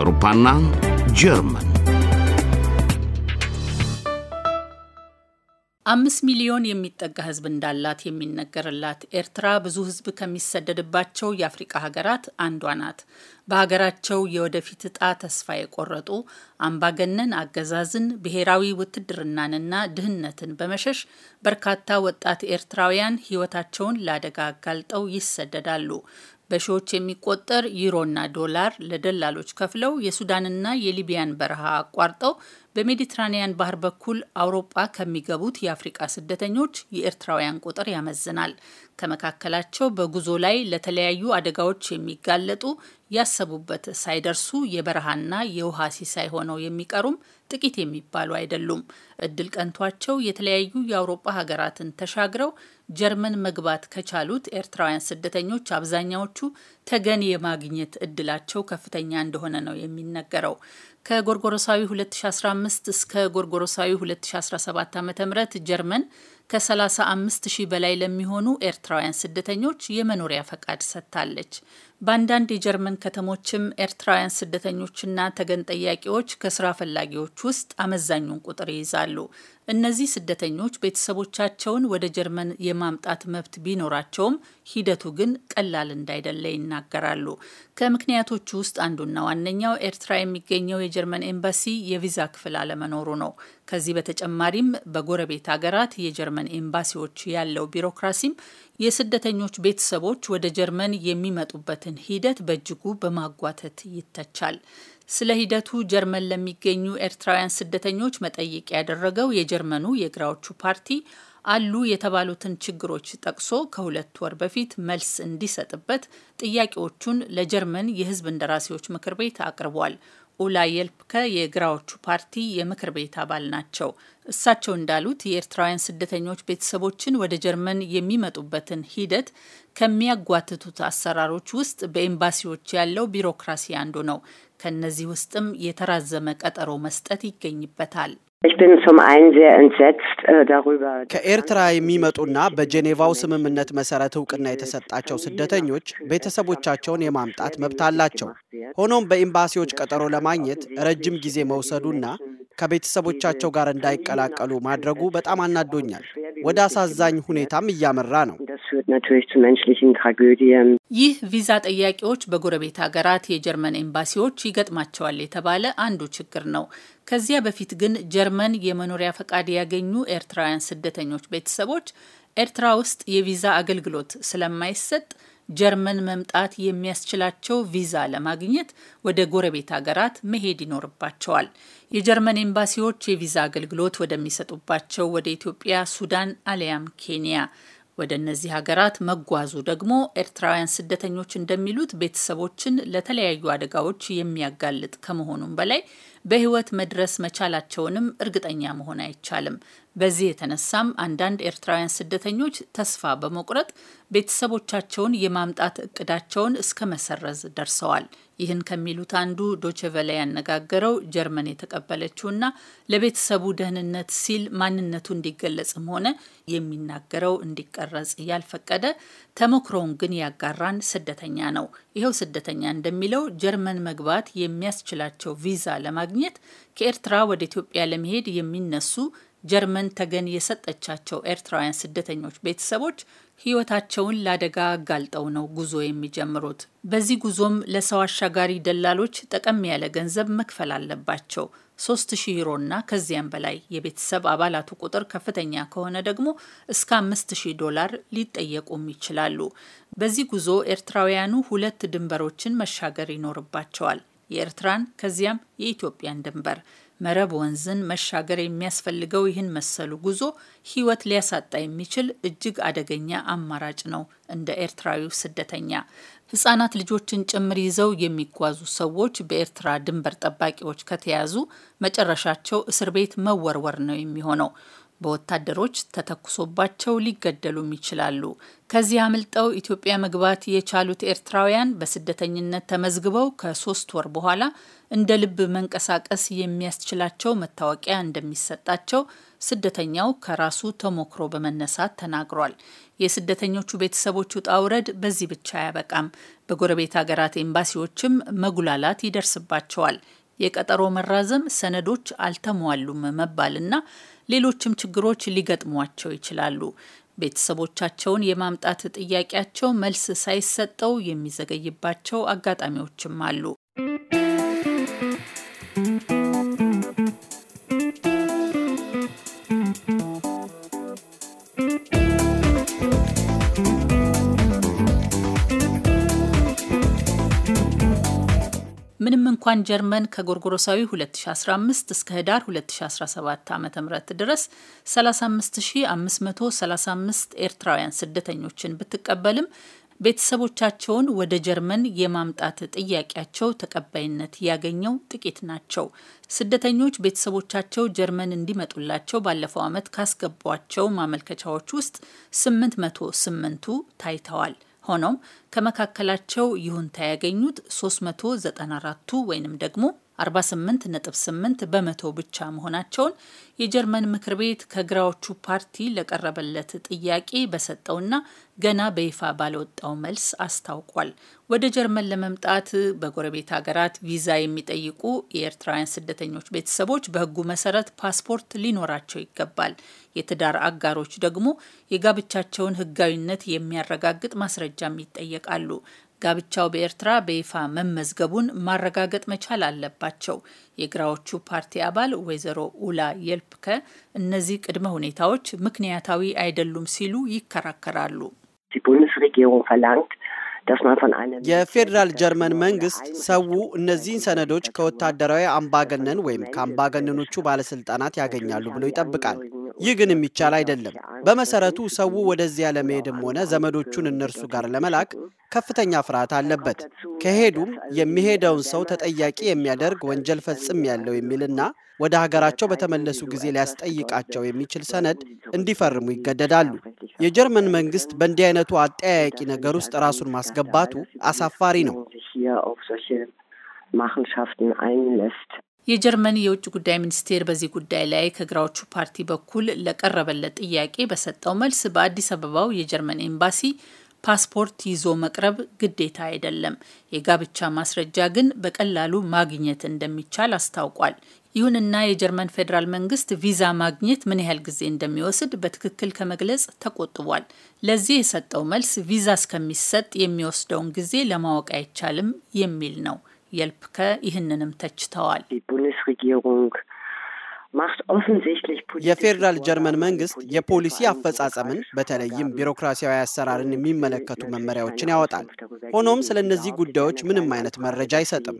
Rupanang Jerman አምስት ሚሊዮን የሚጠጋ ህዝብ እንዳላት የሚነገርላት ኤርትራ ብዙ ህዝብ ከሚሰደድባቸው የአፍሪቃ ሀገራት አንዷ ናት። በሀገራቸው የወደፊት እጣ ተስፋ የቆረጡ አምባገነን አገዛዝን፣ ብሔራዊ ውትድርናንና ድህነትን በመሸሽ በርካታ ወጣት ኤርትራውያን ህይወታቸውን ለአደጋ አጋልጠው ይሰደዳሉ። በሺዎች የሚቆጠር ዩሮና ዶላር ለደላሎች ከፍለው የሱዳንና የሊቢያን በረሃ አቋርጠው በሜዲትራኒያን ባህር በኩል አውሮጳ ከሚገቡት የአፍሪቃ ስደተኞች የኤርትራውያን ቁጥር ያመዝናል። ከመካከላቸው በጉዞ ላይ ለተለያዩ አደጋዎች የሚጋለጡ ያሰቡበት ሳይደርሱ የበረሃና የውሃ ሲሳይ ሆነው የሚቀሩም ጥቂት የሚባሉ አይደሉም። እድል ቀንቷቸው የተለያዩ የአውሮጳ ሀገራትን ተሻግረው ጀርመን መግባት ከቻሉት ኤርትራውያን ስደተኞች አብዛኛዎቹ ተገን የማግኘት እድላቸው ከፍተኛ እንደሆነ ነው የሚነገረው። ከጎርጎሮሳዊ 2015 እስከ ጎርጎሮሳዊ 2017 ዓ ም ጀርመን ከ35 ሺህ በላይ ለሚሆኑ ኤርትራውያን ስደተኞች የመኖሪያ ፈቃድ ሰጥታለች። በአንዳንድ የጀርመን ከተሞችም ኤርትራውያን ስደተኞችና ተገን ጠያቂዎች ከስራ ፈላጊዎች ውስጥ አመዛኙን ቁጥር ይይዛሉ። እነዚህ ስደተኞች ቤተሰቦቻቸውን ወደ ጀርመን የማምጣት መብት ቢኖራቸውም ሂደቱ ግን ቀላል እንዳይደለ ይናገራሉ። ከምክንያቶቹ ውስጥ አንዱና ዋነኛው ኤርትራ የሚገኘው የጀርመን ኤምባሲ የቪዛ ክፍል አለመኖሩ ነው። ከዚህ በተጨማሪም በጎረቤት ሀገራት የጀርመን በጀርመን ኤምባሲዎች ያለው ቢሮክራሲም የስደተኞች ቤተሰቦች ወደ ጀርመን የሚመጡበትን ሂደት በእጅጉ በማጓተት ይተቻል። ስለ ሂደቱ ጀርመን ለሚገኙ ኤርትራውያን ስደተኞች መጠይቅ ያደረገው የጀርመኑ የግራዎቹ ፓርቲ አሉ የተባሉትን ችግሮች ጠቅሶ ከሁለት ወር በፊት መልስ እንዲሰጥበት ጥያቄዎቹን ለጀርመን የሕዝብ እንደራሴዎች ምክር ቤት አቅርቧል። ኡላ የልፕከ የግራዎቹ ፓርቲ የምክር ቤት አባል ናቸው። እሳቸው እንዳሉት የኤርትራውያን ስደተኞች ቤተሰቦችን ወደ ጀርመን የሚመጡበትን ሂደት ከሚያጓትቱት አሰራሮች ውስጥ በኤምባሲዎች ያለው ቢሮክራሲ አንዱ ነው። ከነዚህ ውስጥም የተራዘመ ቀጠሮ መስጠት ይገኝበታል። Äh, ከኤርትራ የሚመጡና በጄኔቫው ስምምነት መሰረት እውቅና የተሰጣቸው ስደተኞች ቤተሰቦቻቸውን የማምጣት መብት አላቸው። ሆኖም በኤምባሲዎች ቀጠሮ ለማግኘት ረጅም ጊዜ መውሰዱና ከቤተሰቦቻቸው ጋር እንዳይቀላቀሉ ማድረጉ በጣም አናዶኛል። ወደ አሳዛኝ ሁኔታም እያመራ ነው። ይህ ቪዛ ጠያቂዎች በጎረቤት ሀገራት የጀርመን ኤምባሲዎች ይገጥማቸዋል የተባለ አንዱ ችግር ነው። ከዚያ በፊት ግን ጀርመን የመኖሪያ ፈቃድ ያገኙ ኤርትራውያን ስደተኞች ቤተሰቦች ኤርትራ ውስጥ የቪዛ አገልግሎት ስለማይሰጥ ጀርመን መምጣት የሚያስችላቸው ቪዛ ለማግኘት ወደ ጎረቤት ሀገራት መሄድ ይኖርባቸዋል። የጀርመን ኤምባሲዎች የቪዛ አገልግሎት ወደሚሰጡባቸው ወደ ኢትዮጵያ፣ ሱዳን አሊያም ኬንያ ወደ እነዚህ ሀገራት መጓዙ ደግሞ ኤርትራውያን ስደተኞች እንደሚሉት ቤተሰቦችን ለተለያዩ አደጋዎች የሚያጋልጥ ከመሆኑም በላይ በህይወት መድረስ መቻላቸውንም እርግጠኛ መሆን አይቻልም። በዚህ የተነሳም አንዳንድ ኤርትራውያን ስደተኞች ተስፋ በመቁረጥ ቤተሰቦቻቸውን የማምጣት እቅዳቸውን እስከ መሰረዝ ደርሰዋል። ይህን ከሚሉት አንዱ ዶችቨለ ያነጋገረው ጀርመን የተቀበለችውና ለቤተሰቡ ደህንነት ሲል ማንነቱ እንዲገለጽም ሆነ የሚናገረው እንዲቀረጽ ያልፈቀደ ተሞክሮውን ግን ያጋራን ስደተኛ ነው። ይኸው ስደተኛ እንደሚለው ጀርመን መግባት የሚያስችላቸው ቪዛ ለማግኘት ከኤርትራ ወደ ኢትዮጵያ ለመሄድ የሚነሱ ጀርመን ተገን የሰጠቻቸው ኤርትራውያን ስደተኞች ቤተሰቦች ሕይወታቸውን ለአደጋ አጋልጠው ነው ጉዞ የሚጀምሩት። በዚህ ጉዞም ለሰው አሻጋሪ ደላሎች ጠቀም ያለ ገንዘብ መክፈል አለባቸው። ሶስት ሺህ ዩሮና ከዚያም በላይ የቤተሰብ አባላቱ ቁጥር ከፍተኛ ከሆነ ደግሞ እስከ አምስት ሺህ ዶላር ሊጠየቁም ይችላሉ። በዚህ ጉዞ ኤርትራውያኑ ሁለት ድንበሮችን መሻገር ይኖርባቸዋል። የኤርትራን ከዚያም የኢትዮጵያን ድንበር መረብ ወንዝን መሻገር የሚያስፈልገው ይህን መሰሉ ጉዞ ሕይወት ሊያሳጣ የሚችል እጅግ አደገኛ አማራጭ ነው። እንደ ኤርትራዊው ስደተኛ ህጻናት ልጆችን ጭምር ይዘው የሚጓዙ ሰዎች በኤርትራ ድንበር ጠባቂዎች ከተያዙ መጨረሻቸው እስር ቤት መወርወር ነው የሚሆነው። በወታደሮች ተተኩሶባቸው ሊገደሉም ይችላሉ። ከዚህ አምልጠው ኢትዮጵያ መግባት የቻሉት ኤርትራውያን በስደተኝነት ተመዝግበው ከሶስት ወር በኋላ እንደ ልብ መንቀሳቀስ የሚያስችላቸው መታወቂያ እንደሚሰጣቸው ስደተኛው ከራሱ ተሞክሮ በመነሳት ተናግሯል። የስደተኞቹ ቤተሰቦች ውጣ ውረድ በዚህ ብቻ አያበቃም። በጎረቤት ሀገራት ኤምባሲዎችም መጉላላት ይደርስባቸዋል። የቀጠሮ መራዘም፣ ሰነዶች አልተሟሉም መባልና ሌሎችም ችግሮች ሊገጥሟቸው ይችላሉ። ቤተሰቦቻቸውን የማምጣት ጥያቄያቸው መልስ ሳይሰጠው የሚዘገይባቸው አጋጣሚዎችም አሉ። እንኳን ጀርመን ከጎርጎሮሳዊ 2015 እስከ ህዳር 2017 ዓ ም ድረስ 35535 ኤርትራውያን ስደተኞችን ብትቀበልም ቤተሰቦቻቸውን ወደ ጀርመን የማምጣት ጥያቄያቸው ተቀባይነት ያገኘው ጥቂት ናቸው። ስደተኞች ቤተሰቦቻቸው ጀርመን እንዲመጡላቸው ባለፈው ዓመት ካስገቧቸው ማመልከቻዎች ውስጥ 808ቱ ታይተዋል። ሆኖም ከመካከላቸው ይሁንታ ያገኙት 394ቱ ወይንም ደግሞ 48.8 በመቶ ብቻ መሆናቸውን የጀርመን ምክር ቤት ከግራዎቹ ፓርቲ ለቀረበለት ጥያቄ በሰጠውና ገና በይፋ ባለወጣው መልስ አስታውቋል። ወደ ጀርመን ለመምጣት በጎረቤት ሀገራት ቪዛ የሚጠይቁ የኤርትራውያን ስደተኞች ቤተሰቦች በሕጉ መሰረት ፓስፖርት ሊኖራቸው ይገባል። የትዳር አጋሮች ደግሞ የጋብቻቸውን ሕጋዊነት የሚያረጋግጥ ማስረጃም ይጠየቃሉ። ጋብቻው በኤርትራ በይፋ መመዝገቡን ማረጋገጥ መቻል አለባቸው። የግራዎቹ ፓርቲ አባል ወይዘሮ ኡላ የልፕከ እነዚህ ቅድመ ሁኔታዎች ምክንያታዊ አይደሉም ሲሉ ይከራከራሉ። የፌዴራል ጀርመን መንግስት ሰው እነዚህን ሰነዶች ከወታደራዊ አምባገነን ወይም ከአምባገነኖቹ ባለስልጣናት ያገኛሉ ብሎ ይጠብቃል። ይህ ግን የሚቻል አይደለም። በመሰረቱ ሰው ወደዚያ ለመሄድም ሆነ ዘመዶቹን እነርሱ ጋር ለመላክ ከፍተኛ ፍርሃት አለበት። ከሄዱም የሚሄደውን ሰው ተጠያቂ የሚያደርግ ወንጀል ፈጽም ያለው የሚልና ወደ ሀገራቸው በተመለሱ ጊዜ ሊያስጠይቃቸው የሚችል ሰነድ እንዲፈርሙ ይገደዳሉ። የጀርመን መንግስት በእንዲህ አይነቱ አጠያያቂ ነገር ውስጥ ራሱን ማስገባቱ አሳፋሪ ነው። የጀርመን የውጭ ጉዳይ ሚኒስቴር በዚህ ጉዳይ ላይ ከግራዎቹ ፓርቲ በኩል ለቀረበለት ጥያቄ በሰጠው መልስ በአዲስ አበባው የጀርመን ኤምባሲ ፓስፖርት ይዞ መቅረብ ግዴታ አይደለም፣ የጋብቻ ማስረጃ ግን በቀላሉ ማግኘት እንደሚቻል አስታውቋል። ይሁንና የጀርመን ፌዴራል መንግስት ቪዛ ማግኘት ምን ያህል ጊዜ እንደሚወስድ በትክክል ከመግለጽ ተቆጥቧል። ለዚህ የሰጠው መልስ ቪዛ እስከሚሰጥ የሚወስደውን ጊዜ ለማወቅ አይቻልም የሚል ነው። የልፕከ ይህንንም ተችተዋል። የፌዴራል ጀርመን መንግስት የፖሊሲ አፈጻጸምን በተለይም ቢሮክራሲያዊ አሰራርን የሚመለከቱ መመሪያዎችን ያወጣል። ሆኖም ስለ እነዚህ ጉዳዮች ምንም አይነት መረጃ አይሰጥም።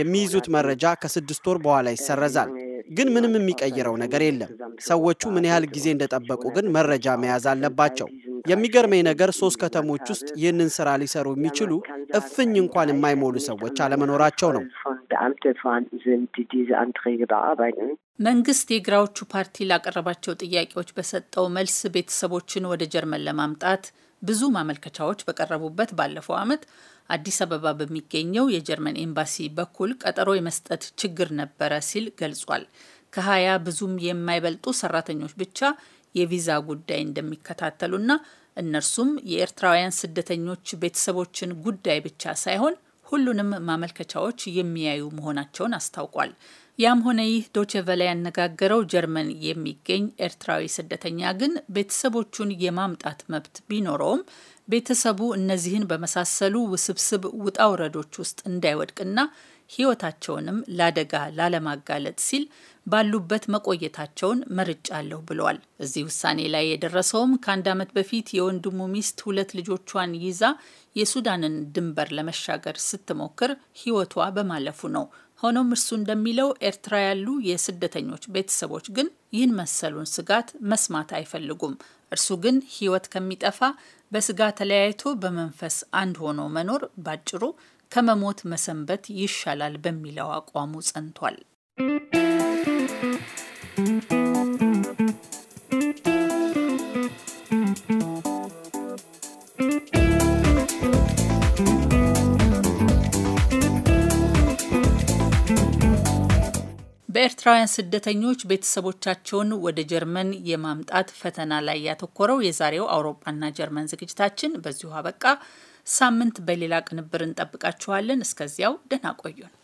የሚይዙት መረጃ ከስድስት ወር በኋላ ይሰረዛል። ግን ምንም የሚቀይረው ነገር የለም። ሰዎቹ ምን ያህል ጊዜ እንደጠበቁ ግን መረጃ መያዝ አለባቸው። የሚገርመኝ ነገር ሶስት ከተሞች ውስጥ ይህንን ስራ ሊሰሩ የሚችሉ እፍኝ እንኳን የማይሞሉ ሰዎች አለመኖራቸው ነው። መንግስት የግራዎቹ ፓርቲ ላቀረባቸው ጥያቄዎች በሰጠው መልስ ቤተሰቦችን ወደ ጀርመን ለማምጣት ብዙ ማመልከቻዎች በቀረቡበት ባለፈው ዓመት አዲስ አበባ በሚገኘው የጀርመን ኤምባሲ በኩል ቀጠሮ የመስጠት ችግር ነበረ ሲል ገልጿል። ከሀያ ብዙም የማይበልጡ ሰራተኞች ብቻ የቪዛ ጉዳይ እንደሚከታተሉና እነርሱም የኤርትራውያን ስደተኞች ቤተሰቦችን ጉዳይ ብቻ ሳይሆን ሁሉንም ማመልከቻዎች የሚያዩ መሆናቸውን አስታውቋል። ያም ሆነ ይህ ዶቼ ቨለ ያነጋገረው ጀርመን የሚገኝ ኤርትራዊ ስደተኛ ግን ቤተሰቦቹን የማምጣት መብት ቢኖረውም ቤተሰቡ እነዚህን በመሳሰሉ ውስብስብ ውጣውረዶች ውስጥ እንዳይወድቅና ሕይወታቸውንም ለአደጋ ላለማጋለጥ ሲል ባሉበት መቆየታቸውን መርጫለሁ ብለዋል። እዚህ ውሳኔ ላይ የደረሰውም ከአንድ ዓመት በፊት የወንድሙ ሚስት ሁለት ልጆቿን ይዛ የሱዳንን ድንበር ለመሻገር ስትሞክር ሕይወቷ በማለፉ ነው። ሆኖም እርሱ እንደሚለው ኤርትራ ያሉ የስደተኞች ቤተሰቦች ግን ይህን መሰሉን ስጋት መስማት አይፈልጉም። እርሱ ግን ሕይወት ከሚጠፋ በስጋ ተለያይቶ በመንፈስ አንድ ሆኖ መኖር ባጭሩ ከመሞት መሰንበት ይሻላል በሚለው አቋሙ ጸንቷል። በኤርትራውያን ስደተኞች ቤተሰቦቻቸውን ወደ ጀርመን የማምጣት ፈተና ላይ ያተኮረው የዛሬው አውሮፓና ጀርመን ዝግጅታችን በዚሁ አበቃ። ሳምንት በሌላ ቅንብር እንጠብቃችኋለን። እስከዚያው ደህና ቆዩን።